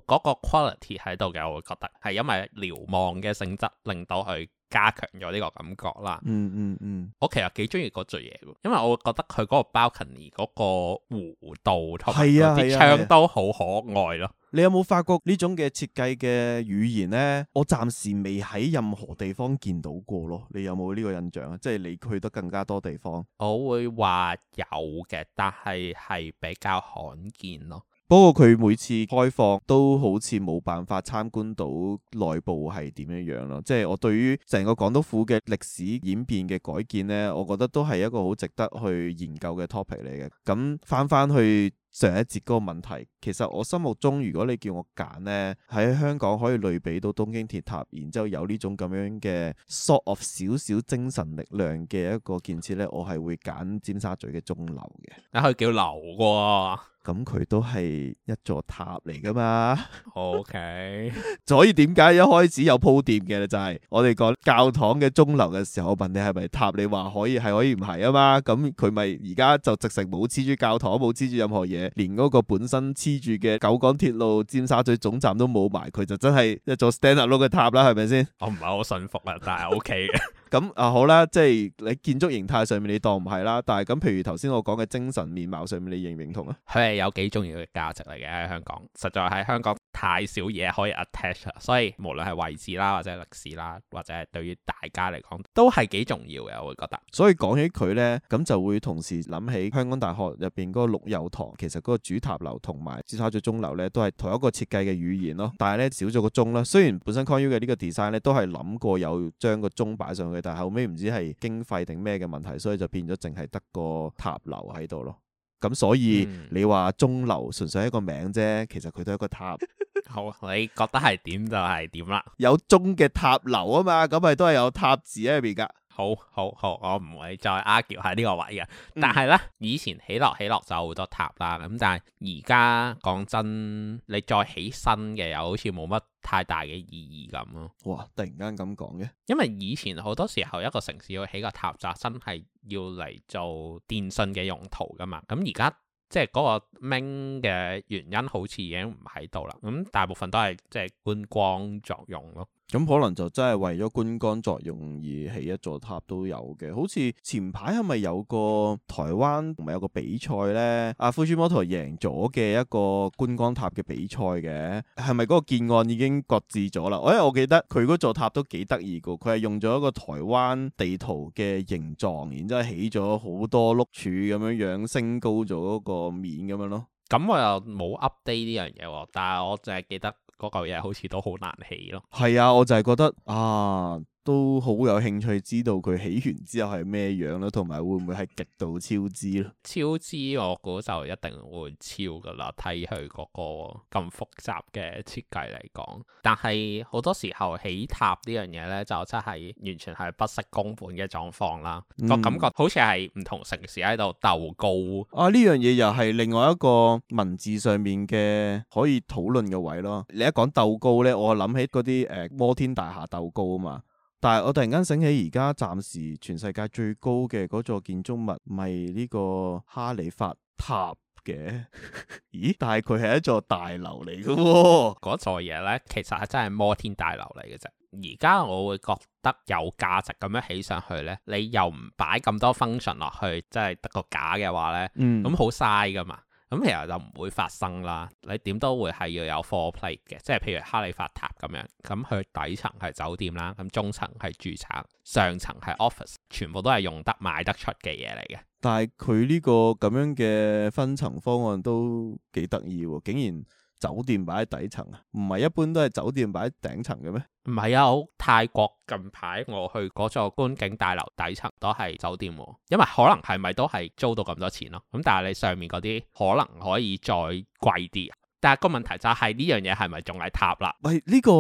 嗰個 quality 喺度嘅，我會覺得係因為瞭望嘅性質令到佢。加強咗呢個感覺啦、嗯，嗯嗯嗯，我其實幾中意嗰座嘢，因為我會覺得佢嗰個 balcony 嗰個弧度同埋嗰啲窗都好可愛咯。你有冇發覺呢種嘅設計嘅語言呢？我暫時未喺任何地方見到過咯。你有冇呢個印象啊？即係你去得更加多地方，我會話有嘅，但係係比較罕見咯。不過佢每次開放都好似冇辦法參觀到內部係點樣樣咯，即係我對於成個港督府嘅歷史演變嘅改建呢，我覺得都係一個好值得去研究嘅 topic 嚟嘅。咁翻翻去上一節嗰個問題，其實我心目中如果你叫我揀呢，喺香港可以類比到東京鐵塔，然之後有呢種咁樣嘅 sort of 少少精神力量嘅一個建設呢，我係會揀尖沙咀嘅鐘樓嘅。啊，你可以叫樓喎。咁佢都係一座塔嚟噶嘛？OK， 所以點解一開始有鋪墊嘅就係、是，我哋講教堂嘅鐘樓嘅時候，我問你係咪塔？你話可以係可以唔係啊嘛？咁佢咪而家就直情冇黐住教堂，冇黐住任何嘢，連嗰個本身黐住嘅九廣鐵路尖沙咀總站都冇埋，佢就真係一座 standalone 嘅塔啦，係咪先？我唔係好信服啊，但係 OK 咁啊好啦，即係你建築形態上面你當唔係啦，但係咁譬如頭先我講嘅精神面貌上面，你認唔認同啊？佢係有幾重要嘅價值嚟嘅，香港實在喺香港太少嘢可以 attach 啦，所以無論係位置啦，或者歷史啦，或者係對於大家嚟講都係幾重要嘅，我會覺得。所以講起佢咧，咁就會同時諗起香港大學入邊個陸佑堂，其實個主塔樓同埋尖沙咀鐘樓咧都係同一個設計嘅語言咯，但係咧少咗個鐘啦。雖然本身 conu 嘅呢個 design 咧都係諗過有將個鐘擺上去。但後尾唔知係經費定咩嘅問題，所以就變咗淨係得個塔樓喺度咯。咁所以你話鐘樓純粹係一個名啫，其實佢都係一個塔。 好啊，你覺得係點就係點啦。有鐘嘅塔樓啊嘛，咁咪都係有塔字喺入面噶。好好好，我唔會再 argue 喺呢個位嘅。但係呢，嗯、以前起落起落就好多塔啦。咁但係而家講真，你再起身嘅又好似冇乜太大嘅意義咁咯。哇！突然間咁講嘅，因為以前好多時候一個城市要起個塔座，就真係要嚟做電信嘅用途噶嘛。咁而家即係嗰個 main 嘅原因好似已經唔喺度啦。咁大部分都係即係觀光作用咯。咁可能就真係為咗觀光作用而起一座塔都有嘅，好似前排係咪有個台灣唔係有個比賽咧？阿富士摩托贏咗嘅一個觀光塔嘅比賽嘅，係咪嗰個建案已經擱置咗啦？因、哎、我記得佢嗰座塔都幾得意噶，佢係用咗一個台灣地圖嘅形狀，然之後起咗好多碌柱咁樣樣升高咗個面咁樣咯。咁我又冇 update 呢樣嘢，但係我淨係記得。嗰嚿嘢好似都好難起咯，係啊，我就係覺得啊。都好有興趣知道佢起完之後係咩樣咯，同埋會唔會係極度超支咯？超支我估就一定會超噶啦，睇佢嗰個咁複雜嘅設計嚟講。但係好多時候起塔呢樣嘢呢，就真係完全係不惜工本嘅狀況啦。嗯、個感覺好似係唔同城市喺度鬥高啊！呢樣嘢又係另外一個文字上面嘅可以討論嘅位咯。你一講鬥高呢，我諗起嗰啲誒摩天大廈鬥高啊嘛～但係我突然間醒起，而家暫時全世界最高嘅嗰座建築物，咪呢個哈利法塔嘅？ 咦？ 但係佢係一座大樓嚟嘅喎，嗰座嘢咧其實係真係摩天大樓嚟嘅啫。而家我會覺得有價值咁樣起上去咧，你又唔擺咁多 function 落去，即係得個假嘅話咧，咁好嘥㗎嘛？咁其實就唔會發生啦。你點都會係要有 floor plate 嘅，即係譬如哈利法塔咁樣，咁佢底層係酒店啦，咁中層係住宅，上層係 office，全部都係用得賣得出嘅嘢嚟嘅。但係佢呢個咁樣嘅分層方案都幾得意喎，竟然酒店擺喺底層啊？唔係一般都係酒店擺喺頂層嘅咩？唔係啊！泰國近排我去嗰座觀景大樓底層都係酒店喎，因為可能係咪都係租到咁多錢咯。咁但係你上面嗰啲可能可以再貴啲。但係個問題就係呢樣嘢係咪仲係塔啦？喂、哎，呢、呢個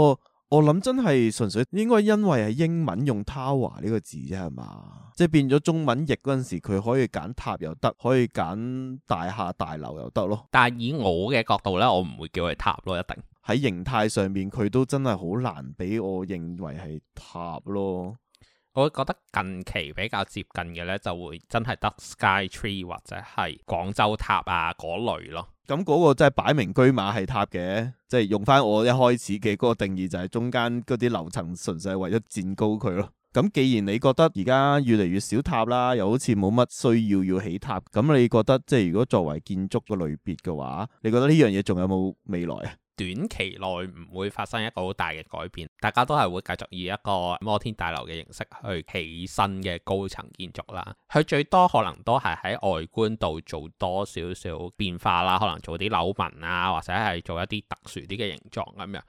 我諗真係純粹應該因為係英文用 tower 呢個字啫係嘛，即係變咗中文譯嗰陣時佢可以揀塔又得，可以揀大廈大樓又得咯。但係以我嘅角度咧，我唔會叫佢塔咯，一定。喺形態上面，佢都真係好難俾我認為係塔咯。我覺得近期比較接近嘅呢，就會真係得 Sky Tree 或者係廣州塔啊嗰類咯。咁嗰、嗯嗰個真係擺明居馬係塔嘅，即係用翻我一開始嘅嗰個定義，就係、係、中間嗰啲樓層純粹為咗佔高佢咯。咁、嗯、既然你覺得而家越嚟越少塔啦，又好似冇乜需要要起塔，咁你覺得即係如果作為建築個類別嘅話，你覺得呢樣嘢仲有冇未來啊？短期內唔會發生一個好大嘅改變，大家都係會繼續以一個摩天大樓嘅形式去起新嘅高層建築啦。佢最多可能都係喺外觀度做多少少變化啦，可能做啲扭紋啊，或者係做一啲特殊啲嘅形狀咁樣。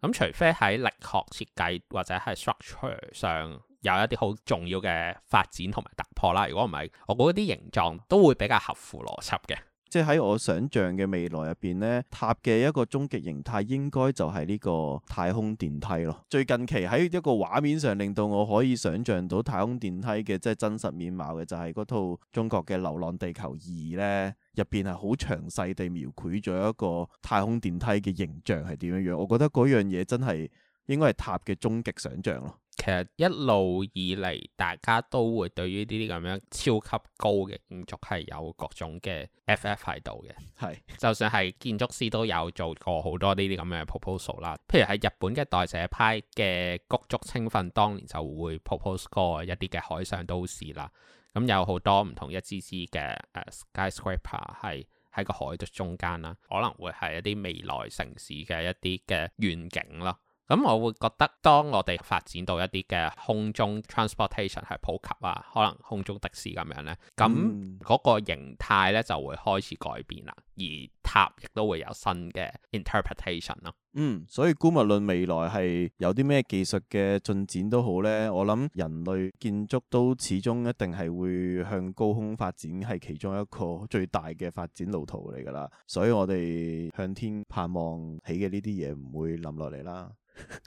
咁除非喺力學設計或者係 structure 上有一啲好重要嘅發展同埋突破啦，如果唔係，我估啲形狀都會比較合乎邏輯嘅。即喺我想象嘅未來入邊咧，塔嘅一個終極形態應該就係呢個太空電梯咯。最近期喺一個畫面上令到我可以想象到太空電梯嘅即係真實面貌嘅，就係嗰套中國嘅《流浪地球二》咧，入邊係好詳細地描繪咗一個太空電梯嘅形象係點樣樣。我覺得嗰樣嘢真係應該係塔嘅終極想象咯。其實一路以嚟，大家都會對於呢啲咁樣超級高嘅建築係有各種嘅 FF 喺度嘅，係。就算係建築師都有做過好多呢啲咁樣嘅 proposal 啦，譬如喺日本嘅代謝派嘅谷竹清訓，當年就會 proposal 過一啲嘅海上都市啦。咁有好多唔同一支支嘅、uh, skyscraper 係喺個海嘅中間啦，可能會係一啲未來城市嘅一啲嘅願景啦。咁我會覺得，當我哋發展到一啲嘅空中 transportation 係普及啊，可能空中的士咁樣咧，咁嗰個形態咧就會開始改變啦，而塔亦都會有新嘅 interpretation 咯。嗯，所以姑勿論未來係有啲咩技術嘅進展都好咧，我諗人類建築都始終一定係會向高空發展，係其中一個最大嘅發展路途嚟噶啦，所以我哋向天盼望起嘅呢啲嘢唔會冧落嚟啦。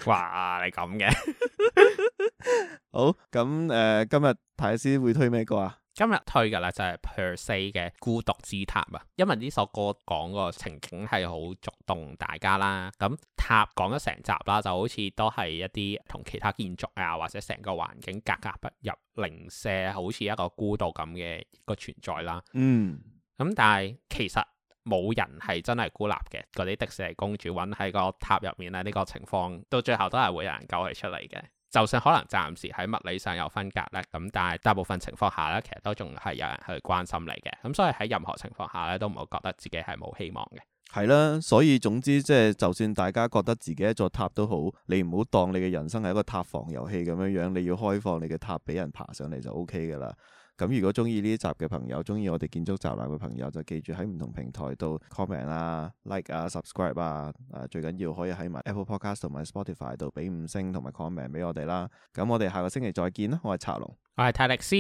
哇，你咁嘅 好咁誒、呃，今日睇先會推咩歌啊？今日推嘅呢，就係、是、per se 嘅《孤獨之塔》啊！因為呢首歌講個情景係好觸動大家啦。咁塔講咗成集啦，就好似都係一啲同其他建築啊，或者成個環境格格不入，零舍好似一個孤獨咁嘅個存在啦。嗯，咁、嗯、但係其實。冇人係真係孤立嘅，嗰啲迪士尼公主揾喺個塔入面咧，呢個情況到最後都係會有人救佢出嚟嘅。就算可能暫時喺物理上有分隔咧，咁但係大部分情況下咧，其實都仲係有人去關心你嘅。咁所以喺任何情況下咧，都唔好覺得自己係冇希望嘅。係啦，所以總之即係，就算大家覺得自己一座塔都好，你唔好當你嘅人生係一個塔防遊戲咁樣樣，你要開放你嘅塔俾人爬上嚟就 OK 㗎啦。咁如果中意呢一集嘅朋友，中意我哋建築宅男嘅朋友，就記住喺唔同平台度 comment 啊、like 啊、subscribe 啊，最緊要可以喺埋 Apple Podcast 同埋 Spotify 度俾五星同埋 comment 俾我哋啦。咁我哋下個星期再見啦。我係茶龍，我係泰力斯，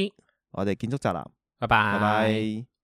我哋建築宅男，拜拜。拜拜。